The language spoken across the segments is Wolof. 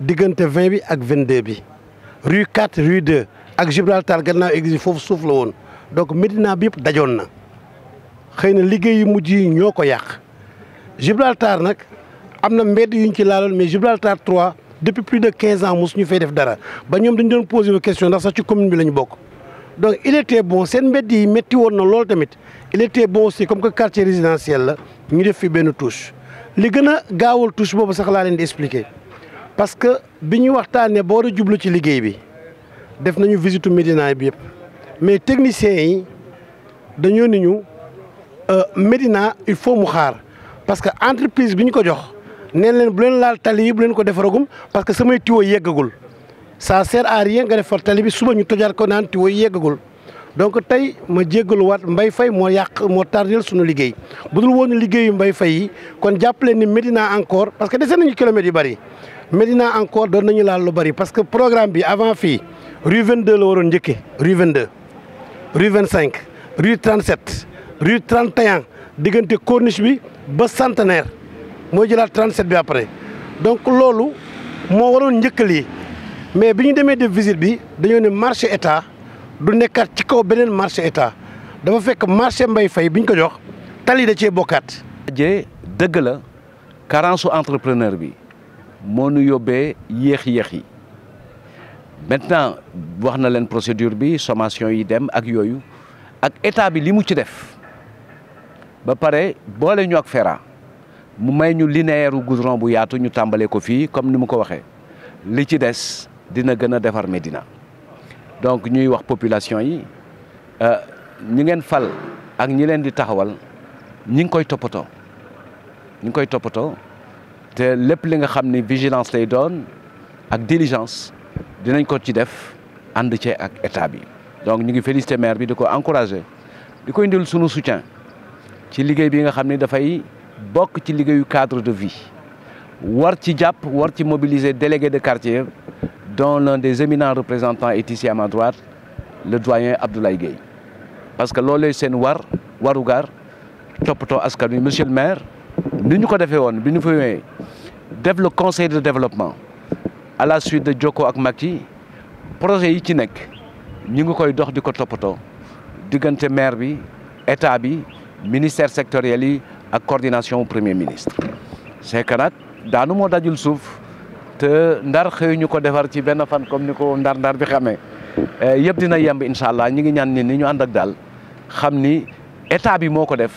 De 20 bi ak 22 bi rue 4 rue 2 ak Gibraltar gannaaw église fofu suuf la donc medina bi yëpp dajoon na xëy liggéey yu mujj ñoko ñoo Gibraltar nak amna na yuñ ci laaloon mais Gibraltar 3 depuis plus de 15 ans ñu fay def dara ba ñom nous doon une question ndax sa ci commune bi lañu bok donc il était bon sen mbedd yi metti won na loolu tamit il était bon aussi comme que quartier résidentiel la ñu def fi ben touche li gëna a touche bobu sax la leen di expliquer. parce que bi ñu waxtaanee boo war a jublu ci liggéey bi def nañu visitu Médina bi yëpp mais techniciens yi dañoo ni ñu euh, Médina il faut mu xaar parce que entreprise bi ñu ko jox neen leen bu leen laal tali yi bu leen ko defaragum parce que samay tuyaux yeggagul ça sert à nga defar tali bi suba ñu tojaat ko naan tuyaux yi yeggagul donc tey ma jéggaluwaat mbay fay moo yàq moo tardeel suñu liggéey bu dul woon liggéeyu Mbaye Faye kon jàpp leen ni Médina encore parce que dese nañu kilomètres yu bari. Medina encore doon nañu la lu bari parce que programme bi avant fi rue 22 la waroon rue 22 rue 25 rue 37 rue 31 diganté corniche bi ba centenaire mooy la 37 bi après donc lolu mo waroon njëkkal mais biñu démé de visite bi dañu né marché état du nekkaat ci kaw benen marché état dafa fekk marché mbay fay biñ ko jox tali da cee bokkaat. deug la carence entrepreneur bi. Monu nu yóbbee yéex-yéex maintenant wax na leen procédure bi somation yi dem ak yooyu ak état bi li ci def ba pare boole ñu ak FERA mu may ñu linéaire ou goudron bu yaatu ñu tàmbalee ko comme ni mu ko waxee li ci des dina gën a defar Médina donc ñuy wax population yi euh, ñi ngeen fal ak ñi leen di taxawal ñi ngi koy ñi ngi koy te lépp li nga xam vigilance lay doon ak diligence dinañ ko ci def ànd ci ak état bi donc ñu ngi féliciter maire bi di ko encouragé di ko indil sunu soutien ci liggéey bi nga xam ne dafay bokk ci liggéeyu cadre de vie war ci jàpp war ci mobiliser délégué de quartier dont l'un des éminents représentants est ici à ma droite le doyen Abdoulaye Gueye parce que loolu seen war warugar toppatoo askan wi monsieur le maire ni ñu ko defee woon bi ñu fa ñëwee def le conseil de développement à la suite de Joko ak Macky projet yi ci nek ñu ngi koy dox diko ko toppatoo maire bi état bi ministère sectoriel yi ak coordination premier ministre. c'est que nag daanu moo dajul suuf te ndar xey ñu ko defar ci ben fan comme niko ndar-ndar bi xamé eh, yeb dina yemb inshallah ñi ngi ñaan ni ñu ànd ak daal xam état bi moko def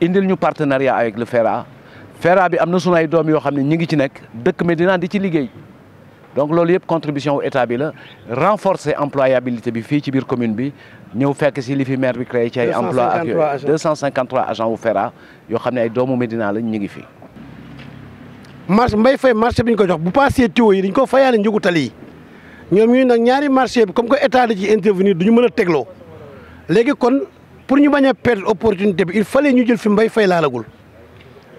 indil ñu partenariat avec le FERA. FERA bi amna na sunu ay doom yoo ñi ngi ci nek dëkk medina di ci liggéey donc loolu yëpp contribution au état bi la renforcer employabilité bi fi ci biir commune bi ñeu fekk ci li fi maire bi créé ci ay emploi ak 253 agents au Ferra yo xam ay doomu medina la ñu ngi fi. marché mbay fay marché bi ñu ko jox bu passé tuyau yi dañ ko fayaale njëgu tali ñom ñuy nak ñaari marché bi comme ko état di ci intervenir duñu mëna a légui kon pour ñu bañ perdre opportunité bi il fallait ñu jël fi mbay fay laalagul.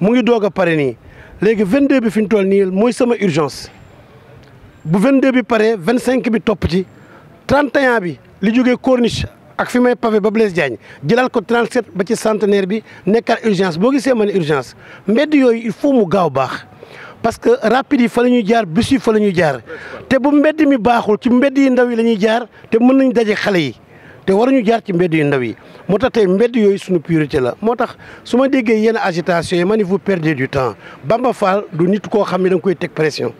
mu ngi doog ni pare 22 bi fi ñu toll sama urgence bu 22 bi paré, 25 bi topp ci 31 bi li jógee corniche ak fi pavé ba Blaise Diagne ko 37 ba ci centenaire bi nekkaat urgence boo gisee ma urgence mbedd yoy, il faut mu gaaw parce que rapide yi fa la ñuy jaar bus yi fa la jaar te bu mbedd mi baaxul ci mbedd yi ndaw yi la jaar te mën nañ daje yi te waruñu jaar ci mbedd yu ndaw yi moo tax tey mbedd yooyu suñu priorité la moo tax su ma déggee yenn agitation yi ma ni vous perdez du temps Bamba Fall du nit koo xam ne da koy teg pression.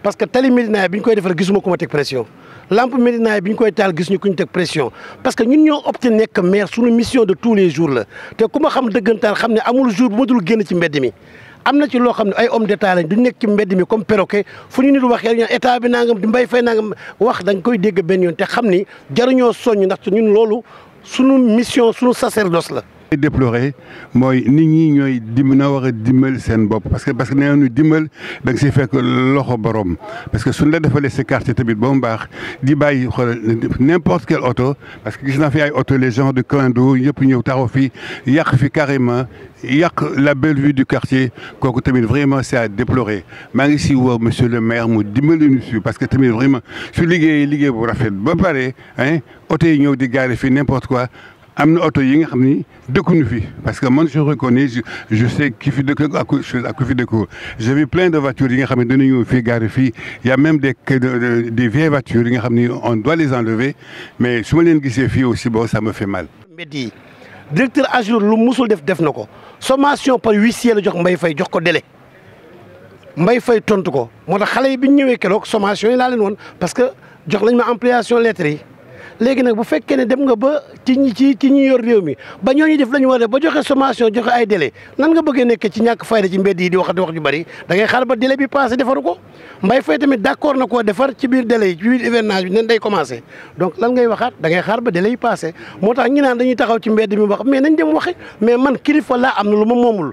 parce que tali Médina bi ñu koy defar gisuma ku ma teg pression lampe Médina bi ñu koy taal gis ñu ku ñu pression parce que ñun ñoo opté nekk maire suñu mission de tous les jours la te ku ma xam dëggantaan xam ne amul jour bu ma dul génn ci mbedd mi. am na ci loo xam ne ay homme d'état lañ du nekk ci mbedd mi comme perroquet fu ñu nit wax yàlla ñu état bi nangam di mbay fay nangam wax da nga koy dégg benn yoon te xam ni jaruñoo soññ ñun loolu sunu mission sunu sacerdoce la li déploré mooy nit ñi ñooy dim na war a dimbal parce que parce que nee nañu dimbal da nga siy fekk loxo borom parce que suñ la defalee si quartier tamit ba mu baax di bàyyi n'importe quel auto parce que gis naa fi ay auto les gens de clando yëpp ñëw taxaw fi yàq fi carrément yàq la belle vue du quartier kooku tamit vraiment c'est à déplorer maa ngi si woo monsieur le maire mu dimbali ñu si parce que tamit vraiment su liggéeyee liggéey bu rafet ba pare hein auto yi ñëw di garer fi n'importe quoi am na oto yi nga xam ni fi parce que man je reconnais je je sais qui fi dëkk ak ak ku fi dëkku j'ai vu plein de voitures yi nga xam ne dañu ñëw fii garé fii y a même des des vieilles voitures yi nga xam on doit les enlever mais su ma leen gisee aussi bon ça me fait mal. mbedd yi directeur AGEROUTE lu musul def def na ko sommation par huissier la jox Mbaye Faye jox ko délai Mbaye Faye tontu ko moo tax xale yi bi ñu ñëwee keroog sommation yi laa leen woon parce que jox lañ ma ampliation lettre léegi nag bu fekkee ne dem nga ba ci ñi ci ci ñi yor réew mi ba ñooñu def la ñu war a ba joxe sommation joxe ay délai nan nga bëggee nekke ci ñàkk fayda ci mbedd yi di waxati wax ju bëri da ngay xaar ba délai bi passé defaru ko mbay fay tamit d'accord na ko defar ci biir délai yi ci biir hivernage bi nen day commencé donc lan ngay waxaat da ngay xaar ba délai yi passé moo tax ñi naan dañuy taxaw ci mbedd mi wax mais nañ dem waxe mais man kilifa laa am na lu ma moomul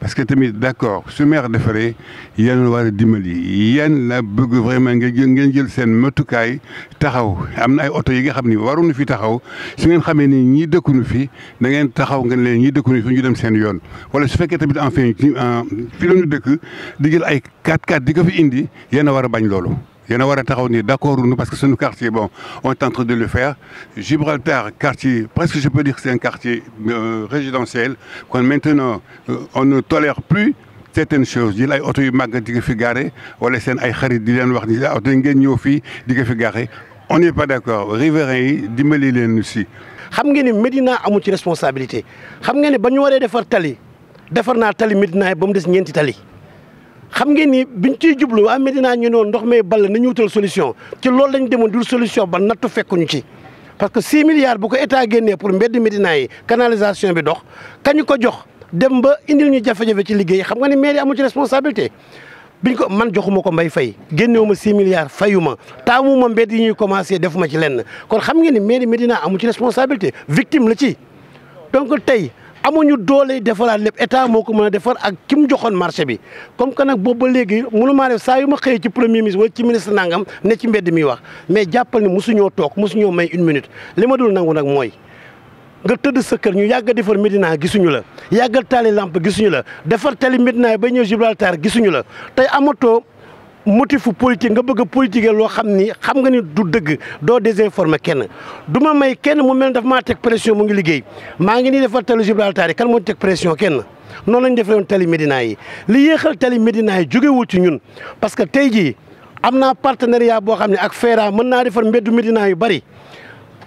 parce que tamit d'accord su maire defaree yéen la war dimbali yéen la bëgg vraiment ngeen jël seen matukaay taxaw am na ay auto yi nga xam ni waruñu fi taxaw su ngeen xamee ni ñii dëkkuñu fi da ngeen taxaw ngeen leen ñii dëkkuñu fi ñu dem seen yoon. wala su fekkee tamit enfin fi euh, la ñu dëkk di jël ay 4 4 di ko fi indi yéen a war a bañ loolu. Il y en a taxaw ni d'accord ou non, parce que c'est nos quartier bon on est en train de le faire Gibraltar quartier presque je peux dire que c'est un quartier euh, résidentiel quand maintenant euh, on ne tolère plus certaines choses Il y a des màgg qui sont fi garé wala seen ay xarit di leen wax ni ah, on n'est pas d'accord. Riverain, riverains yi dimbali aussi. si. xam nga ni Medina amul ci responsabilité xam nga ni ba ñu waree defar tali defar naa tali Médina ba mu des tali xam ngeen ni biñ ciy jublu waa Medina solution ci loolu solution parce que 6 milliards bu ko pour mbedd Medina yi canalisation bi dox kañu ko jox dem ba indil ñu jafe-jafe ci liggéey xam nga ni responsabilité. biñ ko man joxuma ko mbay milliards fayuma mbedd commencé defuma ci lenn kon xam ngeen ni mairie Medina amu responsabilité victime la donc amuñu doole defaraat lépp état moo ko mën a defar a ki mu joxoon marché bi comme que nag boobu ba léegi munu maa def saa yu ma xëyee ci premier ministre wala ci ministre nangam ne ci mbedd mi wax mais jàppal ni mosuñoo toog mosuñoo may une minute li ma dul nangu nag mooy nga tëdd sa kër ñu yàgg a defar Médina gisuñu la yàggal taali lamp gisuñu la defar tali Médina ba ñëw taar gisuñu la tey amatoo motifu politique nga bëgg a politique loo xam ni xam nga ni du dëgg doo désinformer kenn du ma may kenn mu mel ne dafa maa teg pression mu ngi liggéey maa ngi nii defar tali Gibraltar yi kan moo teg pression kenn noonu lañ defee woon tali Médina yi li yéexal tali Médina yi jógewul ci ñun parce que tey jii am naa partenariat boo xam ne ak FERA mën naa defar mbeddu Médina yu bari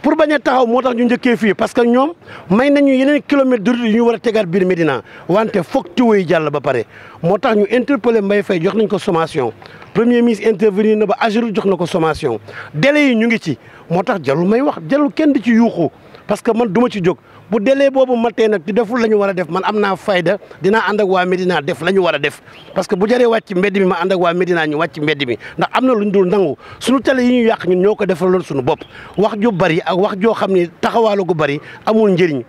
pour bañ a taxaw moo tax ñu njëkkee fii parce que ñoom may nañu yeneen kilomètre de route yu ñu war a tegaat biir Médina wante foog tuyau jàll ba pare moo tax ñu interpellé Mbaye Faye jox nañ ko sommation premier ministre intervenir na ba Ageroute jox na ko sommation délai yi ñu ngi ci moo tax jarul may wax jarul kenn di ci yuuxu parce que man du ma ci jóg bu délai boobu matee nag di deful la ñu war a def man am naa fayda dina ànd ak waa Médina def la ñu war def parce que bu jaree wàcc mbedd mi ma ànd ak waa Médina ñu wàcc mbedd mi ndax am na lu ñu dul nangu suñu télé yi ñu yàq ñun ñoo ko defaloon suñu bopp wax ju bari ak wax joo xam ni taxawaalu gu bari amul njëriñ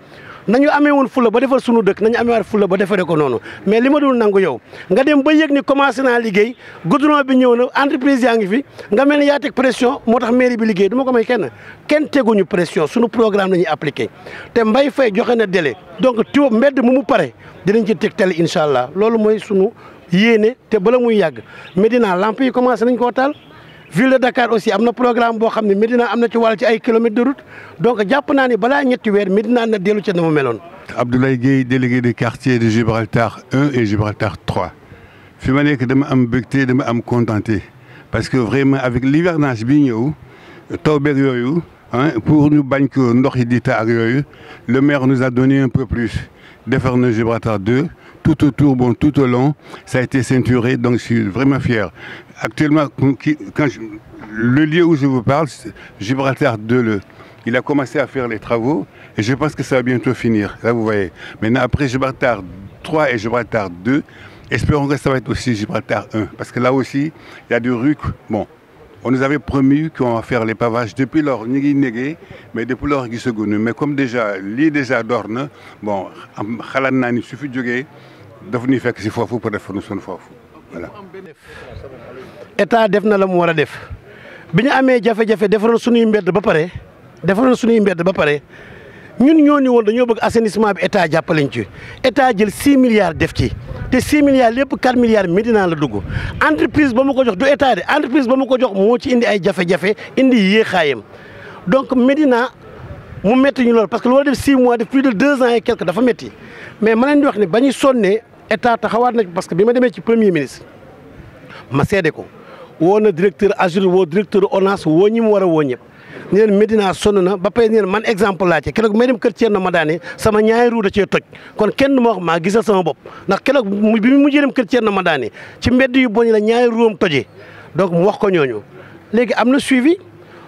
nañu amee woon fulla ba defar sunu dëkk nañu amee waat fulla ba defaree ko noonu mais li ma dul nangu yow nga dem ba yëg ni commencé naa liggéey goudron bi ñëw na entreprise yaa ngi fi nga mel ni yaa teg pression moo tax mairie bi liggéey du ma ko may kenn kenn teguñu pression sunu programme la ñuy te mbay fay joxe na dele donc tiwo mbedd mu mu pare dinañ ci teg tali incha allah loolu mooy sunu yéene te bala muy yàgg Medina lamp yi commencé nañ koo taal. ville de Dakar aussi am na programme bo xamni medina am na ci wal ci ay kilomètres de route donc japp na ne bala ñetti wër medina na dellu ci dama mu Abdoulaye Gueye délégué des quartiers de Gibraltar 1 et Gibraltar 3 fi ma content, dama am dama am contenté parce que vraiment avec l'hivernage bi ñëw taw yoyu hein pour nous bañ ko ndox di le maire nous a donné un peu plus defar dans Gibraltar 2 tout autour bon tout au long ça a été ceinturé donc je suis vraiment fier Actuellement, le lieu où je vous parle, Gibraltar 2, il a commencé à faire les travaux et je pense que ça va bientôt finir. Là, vous voyez. Maintenant, après Gibraltar 3 et Gibraltar 2, espérons que ça va être aussi Gibraltar 1. Parce que là aussi, il y a des rues. Bon, on nous avait promis qu'on va faire les pavages depuis leur Nigui mais depuis leur Mais comme déjà, l'île déjà d'Orne, bon, il suffit de faire que c'est fou pour faire nous Voilà état def na la mu war def biñu amé jafé jafé jafe suñu mbéd ba paré defaroon suñu mbéd ba paré ñun ñoo wol dañu bëgg assainissement bi état jàppaleñ ci état jël 6 milliards def ci té 6 milliards lépp 4 milliards Médina la dugg entreprise ba ko jox du état dé entreprise ba ko jox mo ci indi ay jafé jafé indi yéexaayam donc Médina mu metti ñu lool parce que loolu def 6 mois def plus de 2 ans et quelque dafa metti mais ma lañ di wax ni bañu sonné état taxawaat na parce que bima démé ci premier ministre ma seede ko. woo na directeur Azur woo directeur ONAS woo ñi mu war a woo ñëpp ñu leen Medina sonn na ba pay neen man exemple laa ci keroog may dem kër Thierno Madani ñaari ruuda cee toj kon kenn du ma wax maa gisal sama bopp ndax keroog mu mujjee dem kër Thierno Madani ci mbedd yu boñ la ñaari ruum tojee donc mu wax ko ñooñu léegi am na suivi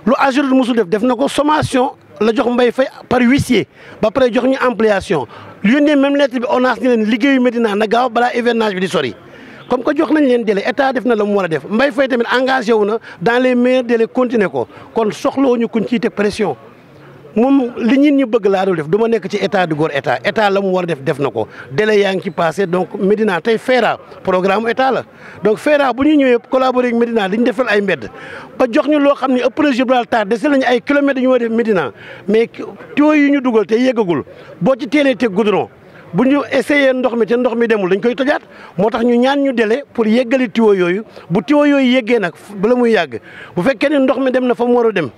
lu Azur mosul def def na ko sommation la jox mbay fay par huissier ba pare jox ñu ampliation lu yónnee même lettre bi ONAS ñu leen liggéeyu Medina na gaaw balaa hivernage bi di sori. comme que jox nañ leen délai état def na la mu war a def Mbaye Faye tamit engagé wu dans les de les continuer ko kon soxloo ñu kuñ ciy teg pression. moom li ñit ñu bëgg laa doon def du nekk ci état du góor état état la mu war def def na ko délai yaa ngi ci passé donc Médina tey FERA programme état la donc FERA bu ñu ñëwee collaborer ak Médina di ñu defal ay mbedd ba jox ñu loo xam ne ëpp na Gibraltar dese nañu ay kilomètres yu ñu def Médina mais tuyaux yi ñu dugal te yeggagul boo ci teelee teg goudron. bu ñu essayé ndox mi te ndox mi demul dañ koy tojaat moo tax ñu ñaan ñu délai pour yeggali tuyau yooyu bu tiwo yooyu yeggee nag bala muy yàgg bu fekkee ne ndox mi dem na fa mu war a dem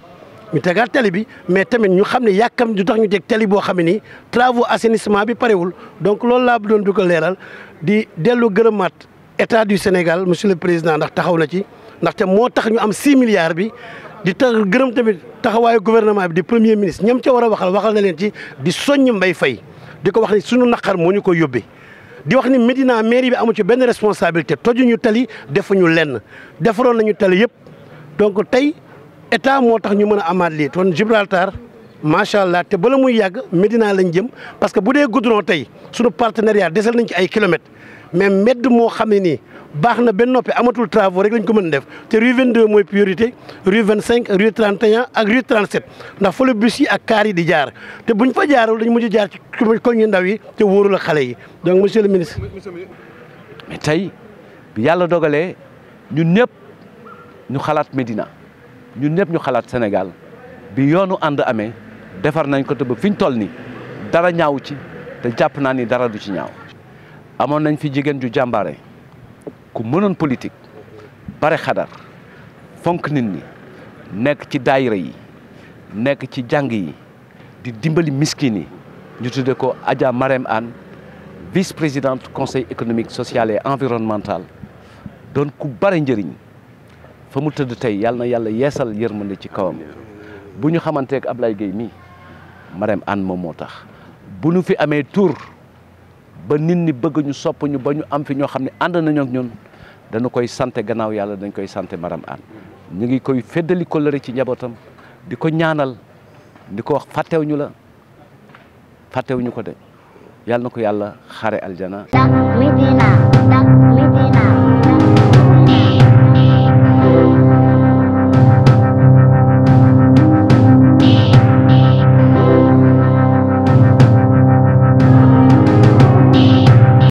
ñu tegaat tali bi mais tamit ñu xam ne yàkkam du tax ñu teg tali boo xam ne nii travaux assainissement bi parewul donc loolu laa doon du ko leeral di dellu gërëmaat état du Sénégal monsieur président ndax taxaw na ci ndaxte moo tax ñu am 6 milliards bi di tax gërëm tamit taxawaayu gouvernement bi di premier ministre ñam ca war a waxal waxal na leen ci di soññ Mbaye Faye di ko wax ni suñu naqar moo ñu koy yóbbee di wax ni Médina mairie bi amu ci benn responsabilité tojuñu tali defuñu lenn defaroon nañu tali yëpp donc tey état moo tax ñu mën a amaat lii ton Gibraltar macha allah te bala muy yàgg Médina lañ jëm parce que bu dee goudron tey suñu partenariat desal nañ ci ay kilomètres. mais mbedd moo xam ne nii baax na benn noppi amatul travaux rek lañ ko mën def te rue deux mooy priorité rue 25 rue 31 ak rue 37 ndax fa la bus yi ak kaar yi di jaar te buñ fa jaarul dañ mujj jaar ci koñ yu ndaw yi te wóorul a xale yi donc monsieur le ministre. mais tey bi yàlla dogalee ñun ñëpp ñu xalaat Médina ñu ñëpp ñu xalaat Sénégal bi yoonu ànd amee defar nañ ko te ba fi ñu toll nii dara ñaaw ci te jàpp naa ni dara du ci amoon nañ fi jigéen ju jàmbaare ku mënoon politique bare xadar fonk nit nekk ci daayira yi nekk ci jàng yi di dimbali miskin yi ñu tudde ko Adja Marème Anne vice présidente conseil économique social et environnemental doon ku bare njëriñ fa mu tëdd tey yàlla na yàlla yeesal yërmande ci kawam bu ñu xamanteek Ablaye Gueye mii Marème Anne moom moo tax bu nu fi amee tour ba nit ñi bëgg ñu sopp ñu ba ñu am fi ñoo xam ne ànd nañu ak ñun dañu koy sante gannaaw yàlla dañ koy sante Maram Anne ñu ngi koy feddali rek ci njabootam di ko ñaanal di ko wax fàttewuñu la fàttewuñu ko de yàlla na ko yàlla xare aljana